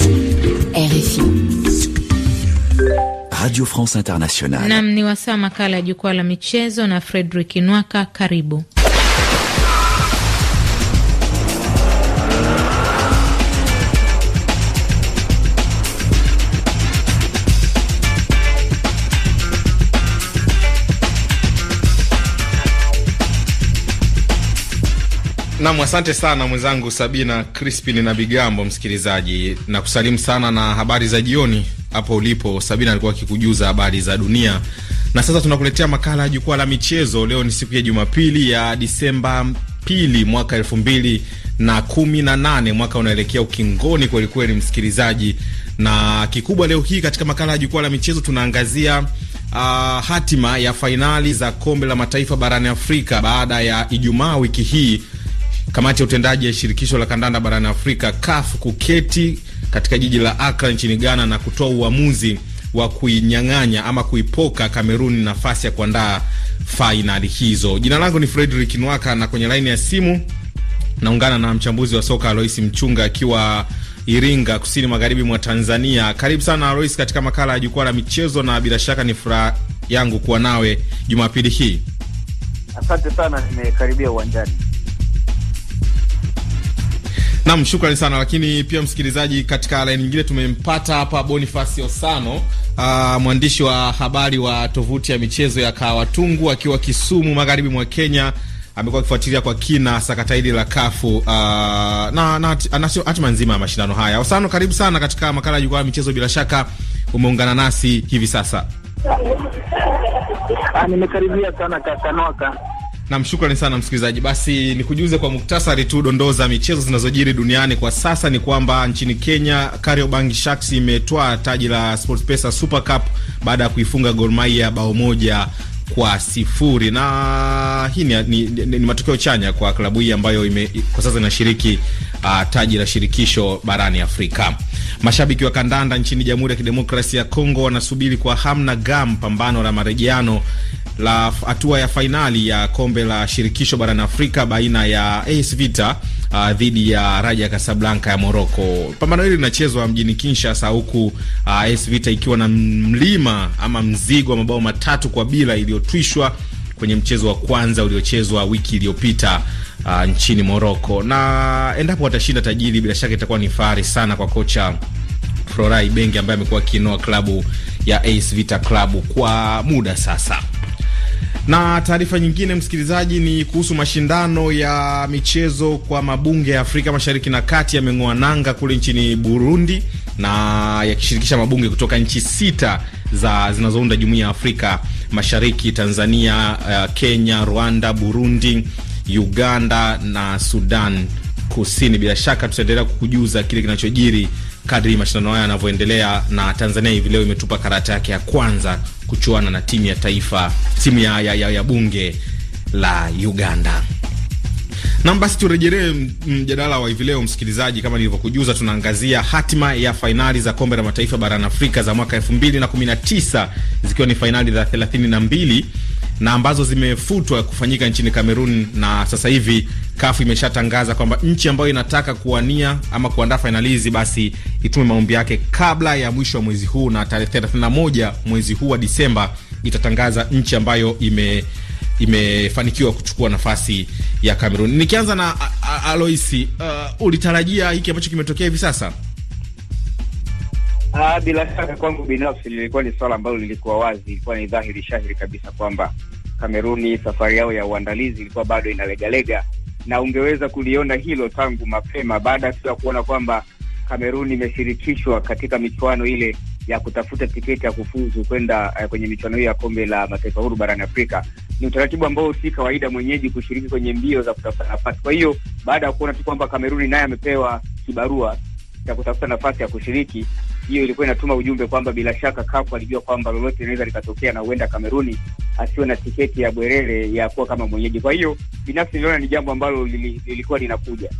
RFI Radio France Internationale. Nam ni wasaa makala ya jukwaa la michezo na Fredrick Inwaka, karibu. Nam, asante sana mwenzangu Sabina Crispin na Bigambo. Msikilizaji na kusalimu sana na habari za jioni hapo ulipo. Sabina alikuwa akikujuza habari za dunia, na sasa tunakuletea makala ya jukwaa la michezo. Leo ni siku ya Jumapili ya Disemba pili mwaka elfu mbili na kumi na nane, mwaka unaelekea ukingoni kwelikweli, msikilizaji, na kikubwa leo hii katika makala ya jukwaa la michezo tunaangazia Uh, hatima ya fainali za kombe la mataifa barani Afrika baada ya Ijumaa wiki hii kamati ya utendaji ya shirikisho la kandanda barani Afrika CAF kuketi katika jiji la Akra nchini Ghana na kutoa uamuzi wa kuinyang'anya ama kuipoka Kameruni nafasi ya kuandaa fainali hizo. Jina langu ni Fredrick Nwaka na kwenye laini ya simu naungana na mchambuzi wa soka Alois Mchunga akiwa Iringa, kusini magharibi mwa Tanzania. Karibu sana Alois katika makala ya jukwaa la michezo, na bila shaka ni furaha yangu kuwa nawe Jumapili hii. Asante sana, nimekaribia uwanjani. Naam, shukrani sana lakini pia msikilizaji, katika laini nyingine tumempata hapa Boniface Osano, uh, ah, mwandishi wa habari wa tovuti ya michezo ya Kawatungu akiwa Kisumu, magharibi mwa Kenya. Amekuwa akifuatilia kwa kina sakata hili la kafu uh, na, na hatima nzima ya mashindano haya. Osano, karibu sana katika makala ya jukwaa ya michezo. Bila shaka umeungana nasi hivi sasa. Ah, nimekaribia sana kakanoka Nam, shukrani sana msikilizaji. Basi nikujuze kwa muktasari tu dondoo za michezo zinazojiri duniani kwa sasa. Ni kwamba nchini Kenya, Kariobangi Sharks imetoa taji la SportPesa Super Cup baada ya kuifunga Gor Mahia bao moja kwa sifuri na hii ni, ni, ni, ni matokeo chanya kwa klabu hii ambayo ime, kwa sasa inashiriki uh, taji la shirikisho barani Afrika. Mashabiki wa kandanda nchini Jamhuri ya Kidemokrasia ya Kongo wanasubiri kwa hamna gam pambano la marejeano la hatua ya fainali ya kombe la shirikisho barani Afrika baina ya AS Vita uh, dhidi ya Raja Kasablanka ya Moroko. Pambano hili linachezwa mjini Kinshasa huku uh, AS Vita ikiwa na mlima ama mzigo wa mabao matatu kwa bila iliyotwishwa kwenye mchezo wa kwanza uliochezwa wiki iliyopita uh, nchini Moroko. Na endapo watashinda tajiri, bila shaka itakuwa ni fahari sana kwa kocha Florai Bengi ambaye amekuwa akiinoa klabu ya AS Vita klabu kwa muda sasa. Na taarifa nyingine msikilizaji, ni kuhusu mashindano ya michezo kwa mabunge ya Afrika Mashariki na Kati yameng'oa nanga kule nchini Burundi, na yakishirikisha mabunge kutoka nchi sita za zinazounda jumuiya ya Afrika Mashariki: Tanzania, eh, Kenya, Rwanda, Burundi, Uganda na Sudan Kusini. Bila shaka tutaendelea kukujuza kile kinachojiri kadri mashindano haya yanavyoendelea, na Tanzania hivi leo imetupa karata yake ya kwanza kuchuana na timu ya taifa, timu ya, ya, ya, ya bunge la Uganda. Nam, basi turejelee mjadala wa hivi leo, msikilizaji. Kama nilivyokujuza, tunaangazia hatima ya fainali za kombe la mataifa barani Afrika za mwaka 219 zikiwa ni fainali za 32 na ambazo zimefutwa kufanyika nchini Kamerun, na sasa hivi CAF imeshatangaza kwamba nchi ambayo inataka kuwania ama kuandaa fainali hizi basi itume maombi yake kabla ya mwisho wa mwezi huu, na tarehe 31 mwezi huu wa Disemba itatangaza nchi ambayo ime imefanikiwa kuchukua nafasi ya Kamerun. Nikianza na Aloisi, uh, ulitarajia hiki ambacho kimetokea hivi sasa? Ah, bila shaka kwangu binafsi lilikuwa ni swala ambalo lilikuwa wazi, ilikuwa ni dhahiri shahiri kabisa kwamba Kameruni safari yao ya uandalizi ilikuwa bado inalegalega, na ungeweza kuliona hilo tangu mapema baada tu ya kuona kwamba Kameruni imeshirikishwa katika michuano ile ya kutafuta tiketi ya kufuzu kwenda eh, kwenye michuano hiyo ya kombe la mataifa huru barani Afrika. Ni utaratibu ambao si kawaida mwenyeji kushiriki kwenye mbio za kutafuta nafasi. Kwa hiyo baada ya kuona tu kwamba Kameruni naye amepewa kibarua ya kutafuta nafasi ya kushiriki, hiyo ilikuwa inatuma ujumbe kwamba bila shaka Kafu alijua kwamba lolote linaweza likatokea na huenda Kameruni asiwe na tiketi ya Bwerere ya kuwa kama mwenyeji. Kwa hiyo binafsi niliona ni jambo ambalo lilikuwa linakuja.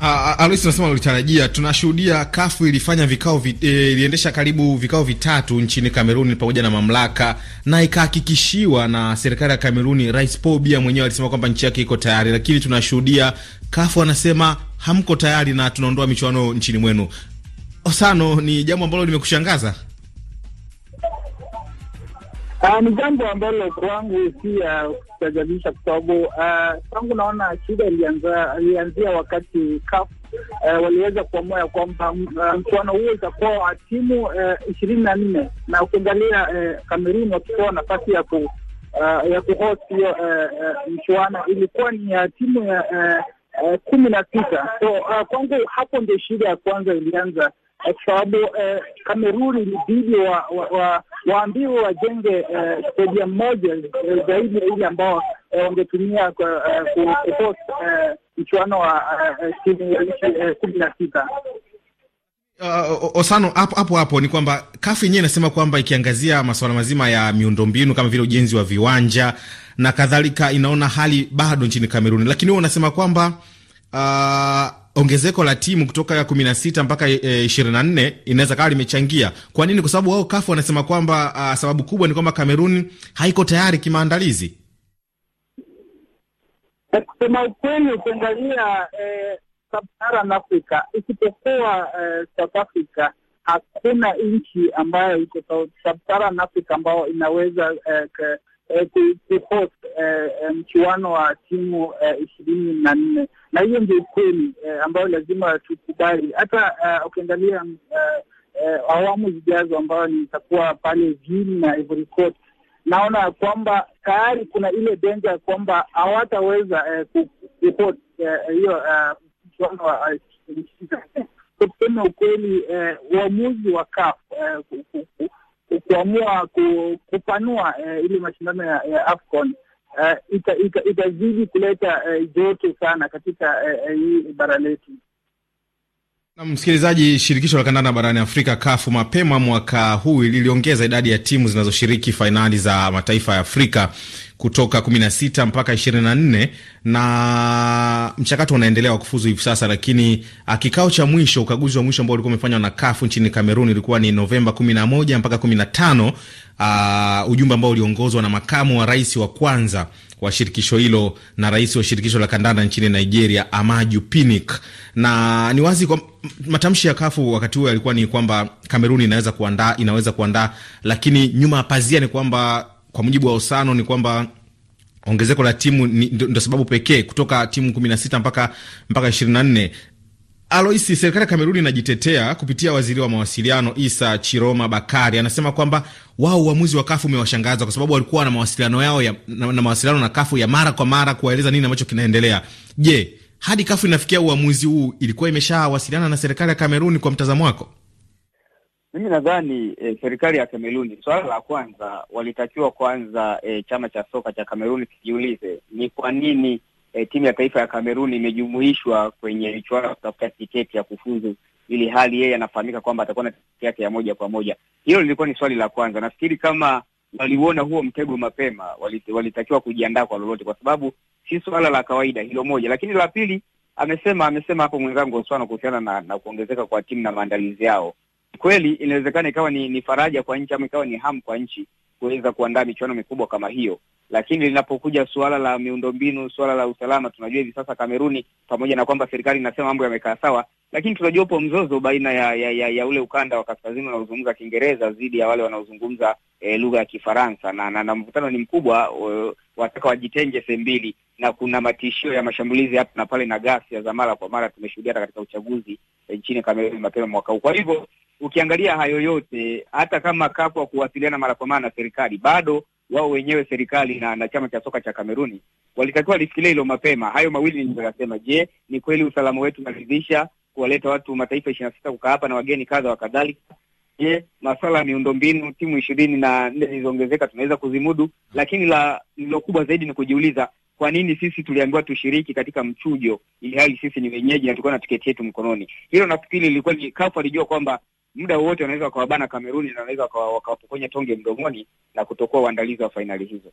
Ah, ah, Alois, nasema ulitarajia. Tunashuhudia Kafu ilifanya vikao vi, e, iliendesha karibu vikao vitatu nchini Kameruni pamoja na mamlaka na ikahakikishiwa na serikali ya Kameruni. Rais Paul Biya mwenyewe alisema kwamba nchi yake iko tayari, lakini tunashuhudia Kafu anasema hamko tayari na tunaondoa michuano nchini mwenu. Osano, ni jambo ambalo limekushangaza? Ah, ni jambo ambalo kwangu si ya kustajabisha kwa sababu uh, ah, kwangu naona shida ilianzia wakati CAF uh, waliweza kuamua ya kwamba ah, mchuano huo itakuwa wa timu eh, ishirini na nne na ukiangalia Kamerun eh, wakipewa nafasi ya ku uh, ya kuhost hiyo uh, uh, mchuano ilikuwa ni ya timu ya uh, uh, kumi na sita. So uh, kwangu hapo ndio shida ya kwanza ilianza kwa sababu eh, Kamerun ilibidi wa, wa, wa, waambiwe wajenge eh, stadium moja eh, zaidi ya ile ambao eh, wangetumia kuhost mchuano wa timu kumi na sita. Uh, Osano, hapo hapo hapo ni kwamba kafu yenyewe inasema kwamba ikiangazia masuala mazima ya miundombinu kama vile ujenzi wa viwanja na kadhalika, inaona hali bado nchini Kameruni, lakini wewe unasema kwamba uh, ongezeko la timu kutoka 16 mpaka 24 eh, inaweza kawa limechangia. Kwa nini? Kwa sababu wao kafu wanasema kwamba uh, sababu kubwa ni kwamba Kamerun haiko tayari kimaandalizi. Eh, kusema ukweli, ukiangalia eh, Sub-Saharan Africa isipokuwa eh, South Africa, hakuna nchi ambayo iko Sub-Saharan Africa ambayo inaweza eh, Eh, kuhost eh, eh, mchuano wa timu ishirini na nne na hiyo ndio ukweli ambayo lazima tukubali. Hata ukiangalia awamu zijazo ambayo nitakuwa pale vini na Ivory Coast naona kwamba tayari kuna ile denja ya kwamba hawataweza kuhost hiyo mchuano wa Kusema ukweli, uamuzi wa CAF kuamua kupanua eh, ile mashindano ya, ya AFCON eh, itazidi ita, ita kuleta eh, joto sana katika eh, eh, hii eh, bara letu. Na msikilizaji, shirikisho la kandanda barani Afrika kafu mapema mwaka huu liliongeza idadi ya timu zinazoshiriki fainali za mataifa ya Afrika kutoka 16 mpaka 24 na mchakato unaendelea wa kufuzu hivi sasa. Lakini ah, kikao cha mwisho, ukaguzi wa mwisho ambao ulikuwa umefanywa na kafu nchini Kamerun ilikuwa ni Novemba 11 mpaka 15. Uh, ah, ujumbe ambao uliongozwa na makamu wa rais wa kwanza wa shirikisho hilo na rais wa shirikisho la kandanda nchini Nigeria Amaju Pinnick, na ni wazi kwa matamshi ya kafu wakati huo yalikuwa ni kwamba Kamerun inaweza kuandaa inaweza kuandaa, lakini nyuma ya pazia ni kwamba kwa mujibu wa Osano ni kwamba ongezeko la timu ndo sababu pekee kutoka timu kumi na sita mpaka mpaka ishirini na nne. Aloisi, serikali ya Kameruni inajitetea kupitia waziri wa mawasiliano Isa Chiroma Bakari, anasema kwamba wao uamuzi wa kafu umewashangaza kwa sababu walikuwa na mawasiliano yao ya, na, na mawasiliano na kafu ya mara kwa mara kuwaeleza nini ambacho kinaendelea. Je, hadi kafu inafikia uamuzi huu ilikuwa imeshawasiliana na serikali ya Kameruni kwa mtazamo wako? Mimi nadhani e, serikali ya Kameruni, suala la kwanza walitakiwa kwanza e, chama cha soka cha Kameruni kijiulize ni kwa nini e, timu ya taifa ya Kameruni imejumuishwa kwenye michuano kutafuta tiketi ya kufuzu, ili hali yeye anafahamika kwamba atakuwa na tiketi yake ya moja kwa moja. Hilo lilikuwa ni swali la kwanza. Nafikiri kama waliuona huo mtego mapema, walitakiwa kujiandaa kwa lolote, kwa sababu si swala la kawaida hilo moja. Lakini la pili, amesema amesema hapo mwenzangu Oswano kuhusiana na, na kuongezeka kwa timu na maandalizi yao kweli inawezekana ikawa ni, ni faraja kwa nchi ama ikawa ni hamu kwa nchi kuweza kuandaa michuano mikubwa kama hiyo, lakini linapokuja suala la miundombinu, suala la usalama, tunajua hivi sasa Kameruni, pamoja na kwamba serikali inasema mambo yamekaa sawa, lakini tunajua upo mzozo baina ya, ya, ya, ya ule ukanda wa kaskazini wanaozungumza Kiingereza dhidi ya wale wanaozungumza e, lugha ya Kifaransa na, na, na mvutano ni mkubwa, eh, wataka wajitenge sehemu mbili na kuna matishio ya mashambulizi hapa na pale na ghasia za mara kwa mara tumeshuhudia hata katika uchaguzi eh, nchini Kameruni mapema mwaka huu. Kwa hivyo ukiangalia hayo yote, hata kama Kafu kuwasiliana mara kwa mara na serikali, bado wao wenyewe serikali na, na chama cha soka cha Kameruni walitakiwa lisikilia hilo mapema. Hayo mawili niliyosema, je, ni kweli usalama wetu unaridhisha kuwaleta watu mataifa ishirini na sita kukaa hapa na wageni kadha wa kadhalika? Je, masuala ya miundombinu timu ishirini na nne zilizoongezeka tunaweza kuzimudu? Lakini la lilo kubwa zaidi ni kujiuliza kwa nini sisi tuliambiwa tushiriki katika mchujo ili hali sisi ni wenyeji na tulikuwa na tiketi yetu mkononi? Hilo nafikiri lilikuwa ni kafu, alijua kwamba muda wote wanaweza wakawabana Kameruni na wanaweza wakawapokonya tonge mdomoni na kutokuwa uandalizi wa fainali hizo.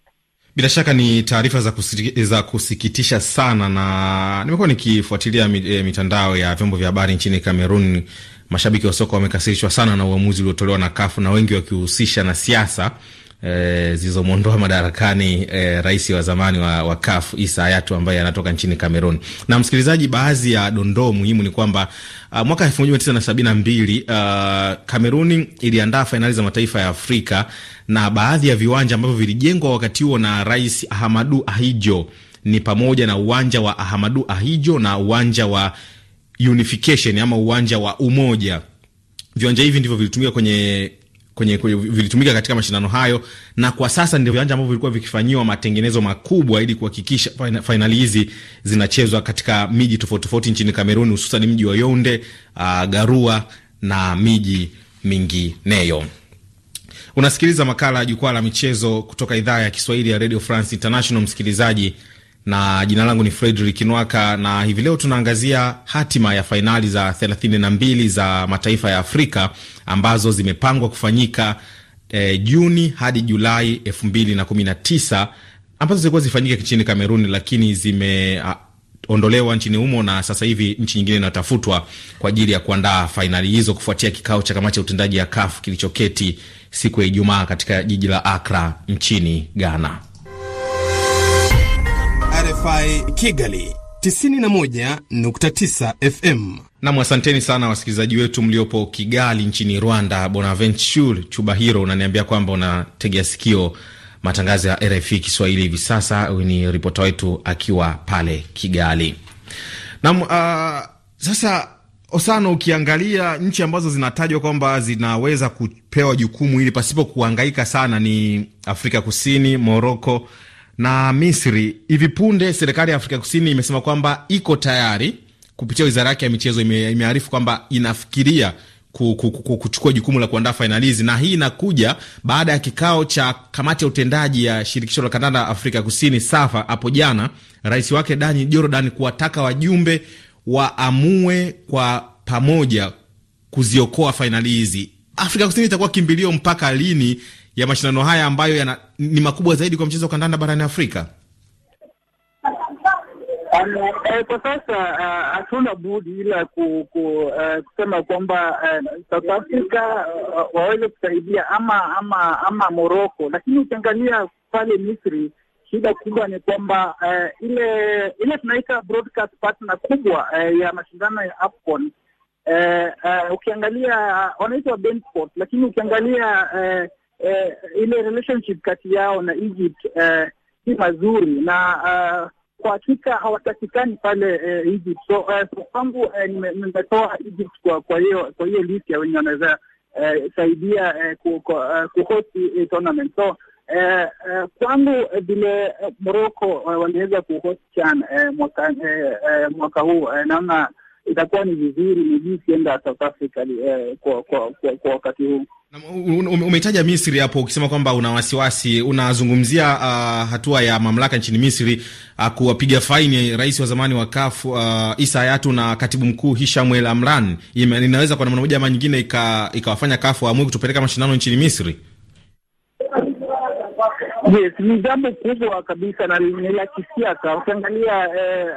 Bila shaka ni taarifa za, kusiki, za kusikitisha sana, na nimekuwa nikifuatilia eh, mitandao ya vyombo vya habari nchini Kamerun. Mashabiki wa soka wamekasirishwa sana na uamuzi uliotolewa na kafu na wengi wakihusisha na siasa Eh, zilizomwondoa madarakani e, rais wa zamani wa, wa CAF Isa Hayatou ambaye anatoka nchini Cameroon. Na msikilizaji, baadhi ya dondoo muhimu ni kwamba uh, mwaka elfu moja mia tisa na sabini na mbili uh, iliandaa fainali za mataifa ya Afrika na baadhi ya viwanja ambavyo vilijengwa wakati huo na Rais Ahamadu Ahijo ni pamoja na uwanja wa Ahamadu Ahijo na uwanja wa Unification ama uwanja wa umoja. Viwanja hivi ndivyo vilitumika kwenye kwenye, kwenye vilitumika katika mashindano hayo, na kwa sasa ndio viwanja ambavyo vilikuwa vikifanyiwa matengenezo makubwa ili kuhakikisha fainali hizi zinachezwa katika miji tofauti tofauti nchini kamerun hususan mji wa Yaounde, uh, Garua na miji mingineyo. Unasikiliza makala ya jukwaa la michezo kutoka idhaa ya Kiswahili ya Radio France International, msikilizaji na jina langu ni Fredrik Nwaka na hivi leo tunaangazia hatima ya fainali za 32 za mataifa ya Afrika ambazo zimepangwa kufanyika eh, Juni hadi Julai 2019 ambazo zilikuwa zifanyike nchini Kameruni lakini zimeondolewa nchini humo na sasa hivi nchi nyingine inatafutwa kwa ajili ya kuandaa fainali hizo kufuatia kikao cha kamati ya utendaji ya CAF kilichoketi siku ya Ijumaa katika jiji la Akra nchini Ghana. RFI Kigali 91.9 FM. Nam, asanteni sana wasikilizaji wetu mliopo Kigali nchini Rwanda. Bonaventure Chubahiro unaniambia kwamba unategea sikio matangazo ya RFI Kiswahili hivi sasa. Huyu ni ripota wetu akiwa pale Kigali. Nam, uh, sasa Osano, ukiangalia nchi ambazo zinatajwa kwamba zinaweza kupewa jukumu hili pasipo kuhangaika sana ni Afrika Kusini, Moroko na Misri. Hivi punde serikali ya Afrika Kusini imesema kwamba iko tayari kupitia wizara yake ya michezo, imearifu kwamba inafikiria kuchukua jukumu la kuandaa fainali hizi, na hii inakuja baada ya kikao cha kamati ya utendaji ya shirikisho la kandanda Afrika Kusini SAFA hapo jana, rais wake Dani Jordan kuwataka wajumbe waamue kwa pamoja kuziokoa fainali hizi. Afrika Kusini itakuwa kimbilio mpaka lini ya mashindano haya ambayo yana, ni makubwa zaidi kwa mchezo wa kandanda barani Afrika? Eh, kwa sasa eh, hatuna budi ila ku, ku, uh, kusema kwamba uh, South Africa uh, waweze kusaidia ama ama ama Morocco, lakini ukiangalia pale Misri shida kubwa ni kwamba uh, ile ile tunaita broadcast partner kubwa uh, ya mashindano ya AFCON uh, uh, ukiangalia wanaitwa BeIN Sports, lakini ukiangalia uh, eh, ile relationship kati yao na Egypt eh, si mazuri na uh, kwa hakika hawatakikani pale eh, Egypt. So uh, kwangu eh, nimetoa Egypt kwa kwa hiyo kwa hiyo list ya wenye wanaweza eh, saidia eh, ku, ku, uh, kuhosti eh, tournament so eh, eh, kwangu eh, vile eh, Morocco eh, waliweza kuhost CHAN eh, mwaka, eh, eh, mwaka huu eh, naona itakuwa ni vizuri jinsi enda South Africa eh, kwa, kwa, kwa, kwa wakati huu. Umetaja Misri hapo ukisema kwamba una wasiwasi, unazungumzia uh, hatua ya mamlaka nchini Misri uh, kuwapiga faini rais wa zamani wa CAF uh, ah, Isa Hayatou na katibu mkuu Hisham El Amran. Inaweza kwa namna moja ama nyingine ikawafanya ika CAF waamue kutupeleka mashindano nchini Misri. Yes, ni jambo kubwa kabisa na ni la kisiasa. Ukiangalia eh,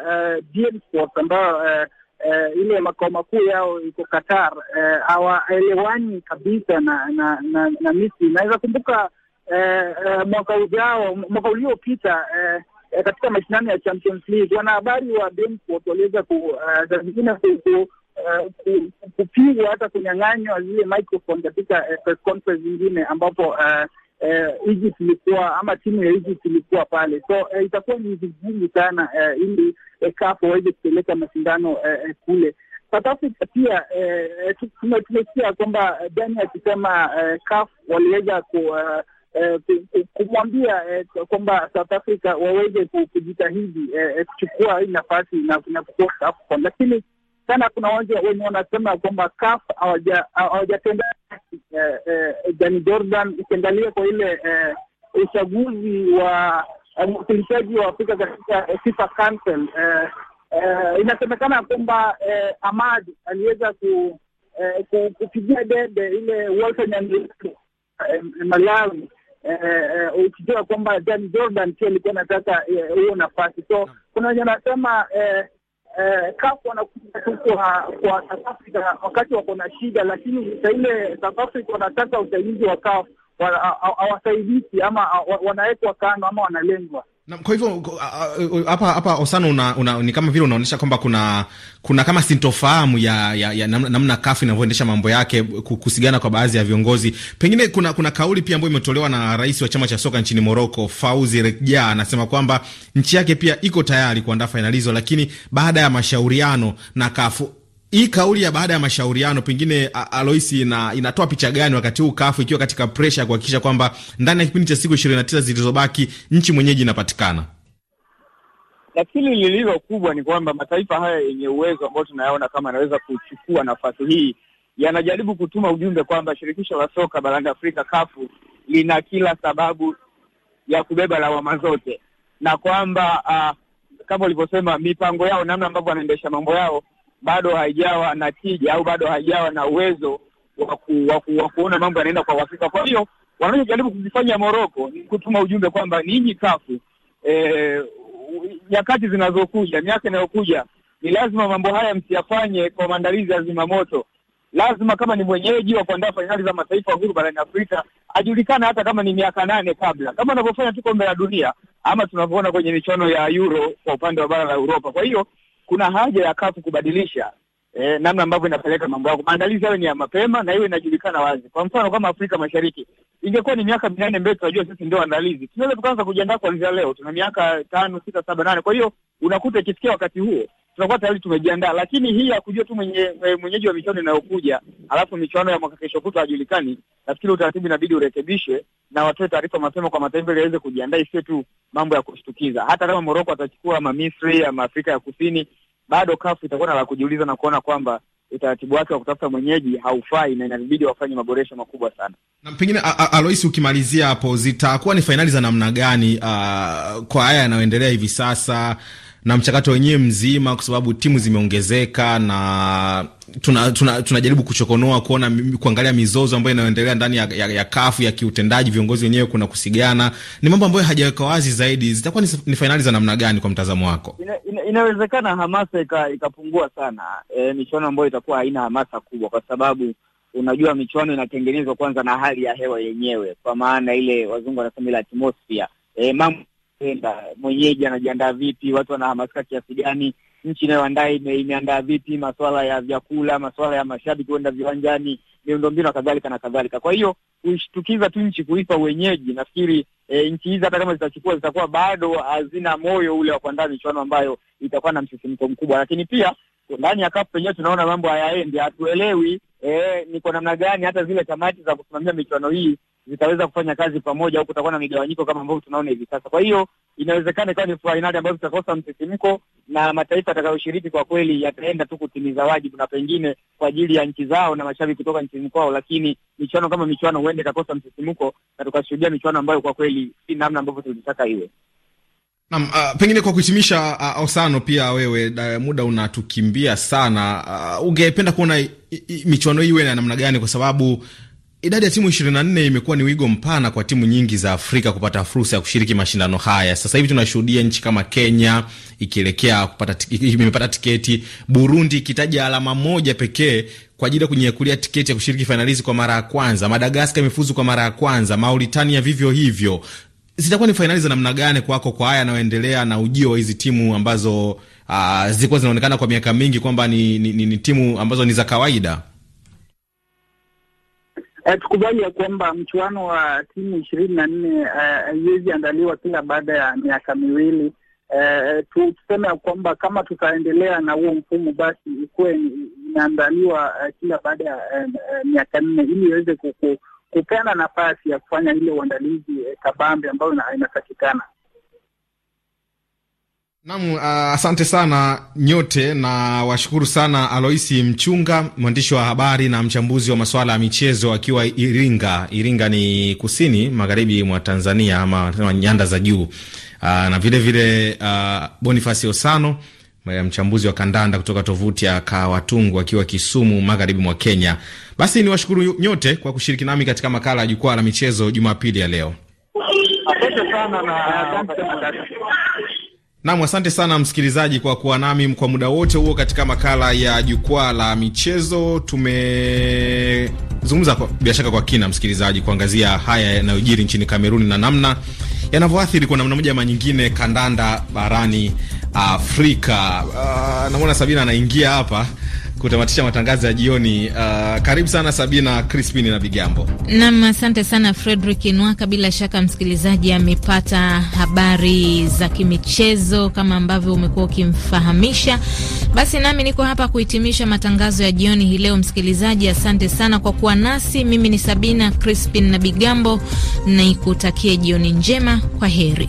eh, ambayo eh, uh, ile makao makuu yao iko Qatar eh, hawaelewani kabisa na na, na, na Misri. Naweza kumbuka uh, uh, mwaka ujao, mwaka uliopita uh, katika mashindano ya Champions League wanahabari wa Benford waliweza saa kupigwa hata kunyang'anywa zile microphone katika press conference zingine ambapo uh, eh, Egypt ilikuwa ama timu ya Egypt ilikuwa pale, so eh, itakuwa ni vigumu sana eh, ili eh, CAF waweze kupeleka mashindano eh, eh kule South Africa. Pia eh, tumesikia kwamba Dani akisema eh, CAF waliweza ku eh, eh kumwambia eh, kwamba South Africa waweze kujitahidi eh, kuchukua hii nafasi na, na CAF, lakini sana. Kuna wanja wenye wanasema kwamba CAF hawajatenda eh, eh, Jani Jordan. Ukiangalia kwa ile eh, uchaguzi wa mwakilishaji wa Afrika katika FIFA Council, inasemekana kwamba amad aliweza kupigia debe ile Walton Malawi, ukijua kwamba Jani Jordan pia alikuwa anataka hiyo nafasi, so kuna wenye wanasema Eh, kafu wanakuja tu kwa kwa South Africa wakati wako na shida, lakini saile ile South Africa wanataka usaidizi wa kafu hawasaidiki, ama wanawekwa kando ama wanalengwa. Na kwa hivyo hapa hapa Osano una, una, ni kama vile unaonyesha kwamba kuna kuna kama sintofahamu ya, ya, ya namna kafu inavyoendesha mambo yake, kusigana kwa baadhi ya viongozi. Pengine kuna kuna kauli pia ambayo imetolewa na rais wa chama cha soka nchini Morocco, Fauzi Rekja, anasema kwamba nchi yake pia iko tayari kuandaa fainali hizo, lakini baada ya mashauriano na kafu hii kauli ya baada ya mashauriano pengine Aloisi ina, inatoa picha gani wakati huu kafu ikiwa katika presha ya kuhakikisha kwamba ndani ya kipindi cha siku ishirini na tisa zilizobaki nchi mwenyeji inapatikana? Lakini lililo kubwa ni kwamba mataifa haya yenye uwezo ambao tunayaona kama yanaweza kuchukua nafasi hii yanajaribu kutuma ujumbe kwamba shirikisho la soka barani Afrika kafu lina kila sababu ya kubeba lawama zote na kwamba uh, kama ulivyosema mipango yao, namna ambavyo wanaendesha mambo yao bado haijawa na tija au bado haijawa na uwezo wa waku, kuona mambo yanaenda kwa uhakika. Kwa hiyo wanachojaribu kukifanya Moroko ni kutuma ujumbe kwamba ninyi kafu e, nyakati zinazokuja, miaka inayokuja ni lazima mambo haya msiyafanye kwa maandalizi ya zimamoto. Lazima kama ni mwenyeji wa kuandaa fainali za mataifa huru barani Afrika ajulikana, hata kama ni miaka nane kabla, kama anavyofanya tu kombe la dunia ama tunavyoona kwenye michuano ya Euro kwa upande wa bara la Europa. Kwa hiyo kuna haja ya kafu kubadilisha eh, namna ambavyo inapeleka mambo yako, maandalizi yawe ni ya mapema na iwe inajulikana wazi. Kwa mfano kama Afrika Mashariki ingekuwa ni miaka minane mbele, tunajua sisi ndio andalizi, tunaweza tukaanza kujiandaa kuanzia leo. Tuna miaka tano, sita, saba, nane. Kwa hiyo unakuta ikifikia wakati huo tunakuwa tayari tumejiandaa, lakini hii ya kujua tu mwenye eh, mwenyeji wa michuano inayokuja, alafu michuano ya mwaka kesho kutwa hajulikani. Nafikiri utaratibu inabidi urekebishwe na watoe taarifa mapema kwa mataifa ili aweze kujiandaa, isiwe tu mambo ya kushtukiza. Hata kama Moroko atachukua ama Misri ama Afrika ya Kusini, bado kafu itakuwa na la kujiuliza na kuona kwamba utaratibu wake wa kutafuta mwenyeji haufai na inabidi wafanye maboresho makubwa sana. Na pengine Alois, ukimalizia hapo, zitakuwa ni fainali za namna gani? Uh, kwa haya yanayoendelea hivi sasa na mchakato wenyewe mzima, kwa sababu timu zimeongezeka na tunajaribu tuna, tuna kuchokonoa kuona kuangalia mizozo ambayo inayoendelea ndani ya, ya, ya kafu ya kiutendaji, viongozi wenyewe kuna kusigana, ni mambo ambayo hajaweka wazi zaidi. Zitakuwa ni, ni fainali za namna gani kwa mtazamo wako? Ina, ina, inawezekana hamasa ikapungua sana e, michuano ambayo itakuwa haina hamasa kubwa, kwa sababu unajua michuano inatengenezwa kwanza na hali ya hewa yenyewe, kwa maana ile wazungu wanasema ile atmosphere e, mambo kwenda, mwenyeji anajiandaa vipi, watu wanahamasika kiasi gani, nchi inayoandaa ime, imeandaa vipi masuala ya vyakula, masuala ya mashabiki kwenda viwanjani, miundombinu na kadhalika na kadhalika. Kwa hiyo kushtukiza tu nchi kuipa wenyeji, nafikiri e, nchi hizi hata kama zitachukua zitakuwa bado hazina moyo ule wa kuandaa michuano ambayo itakuwa na msisimko mkubwa, lakini pia ndani ya kapu penyewe tunaona mambo hayaendi, hatuelewi e, ni kwa namna gani hata zile kamati za kusimamia michuano hii zitaweza kufanya kazi pamoja au kutakuwa na migawanyiko kama ambavyo tunaona hivi sasa. Kwa hiyo inawezekana ikawa ni fainali ambayo tutakosa msisimko, na mataifa yatakayoshiriki kwa kweli yataenda tu kutimiza wajibu, na pengine kwa ajili ya nchi zao na mashabiki kutoka nchini kwao, lakini michuano kama michuano huenda ikakosa msisimko na tukashuhudia michuano ambayo kwa kweli si namna ambavyo tulitaka iwe. Naam, uh, pengine kwa kuhitimisha, uh, Osano, pia wewe da, muda unatukimbia sana. Uh, ungependa kuona michuano iwe na namna gani? Kwa sababu Idadi ya timu 24 imekuwa ni wigo mpana kwa timu nyingi za Afrika kupata fursa ya kushiriki mashindano haya. Sasa hivi tunashuhudia nchi kama Kenya ikielekea kupata imepata tiketi, Burundi ikitaja alama moja pekee kwa ajili ya kunyakulia tiketi ya kushiriki fainalizi kwa mara ya kwanza. Madagaskar imefuzu kwa mara ya kwanza, Mauritania vivyo hivyo. Zitakuwa ni fainali za namna gani kwako kwa haya yanayoendelea na ujio wa hizi timu ambazo ah, zilikuwa zinaonekana kwa miaka mingi kwamba ni, ni, ni, ni timu ambazo ni za kawaida? Eh, tukubali ya kwamba mchuano wa timu ishirini na nne eh, haiwezi andaliwa kila baada ya miaka miwili. Uh, tuseme ya kwamba kama tutaendelea na huo mfumo basi ikuwe inaandaliwa uh, kila baada ya uh, miaka nne ili iweze kupeana nafasi ya kufanya ile uandalizi kabambe ambayo inatakikana. Nam uh, asante sana nyote na washukuru sana Aloisi Mchunga, mwandishi wa habari na mchambuzi wa masuala ya michezo akiwa Iringa. Iringa ni kusini magharibi mwa Tanzania ama tunasema nyanda za juu. Uh, na vilevile uh, Bonifasi Osano, ya eh, mchambuzi wa kandanda kutoka tovuti ya Kawatungu akiwa Kisumu, magharibi mwa Kenya. Basi ni washukuru nyote kwa kushiriki nami katika makala ya Jukwaa la Michezo Jumapili ya leo. Asante sana na Nam, asante sana msikilizaji kwa kuwa nami kwa muda wote huo katika makala ya jukwaa la michezo. Tumezungumza bila shaka kwa kina, msikilizaji, kuangazia haya yanayojiri nchini Kameruni na namna yanavyoathiri kwa namna moja ama nyingine kandanda barani Afrika. Uh, namwona Sabina anaingia hapa kutamatisha matangazo ya jioni. Uh, karibu sana Sabina Crispin na Bigambo nam. Asante sana Frederick Nwaka. Bila shaka msikilizaji amepata habari za kimichezo kama ambavyo umekuwa ukimfahamisha. Basi nami niko hapa kuhitimisha matangazo ya jioni hii leo. Msikilizaji, asante sana kwa kuwa nasi. Mimi ni Sabina Crispin na Bigambo, nikutakie jioni njema. Kwa heri.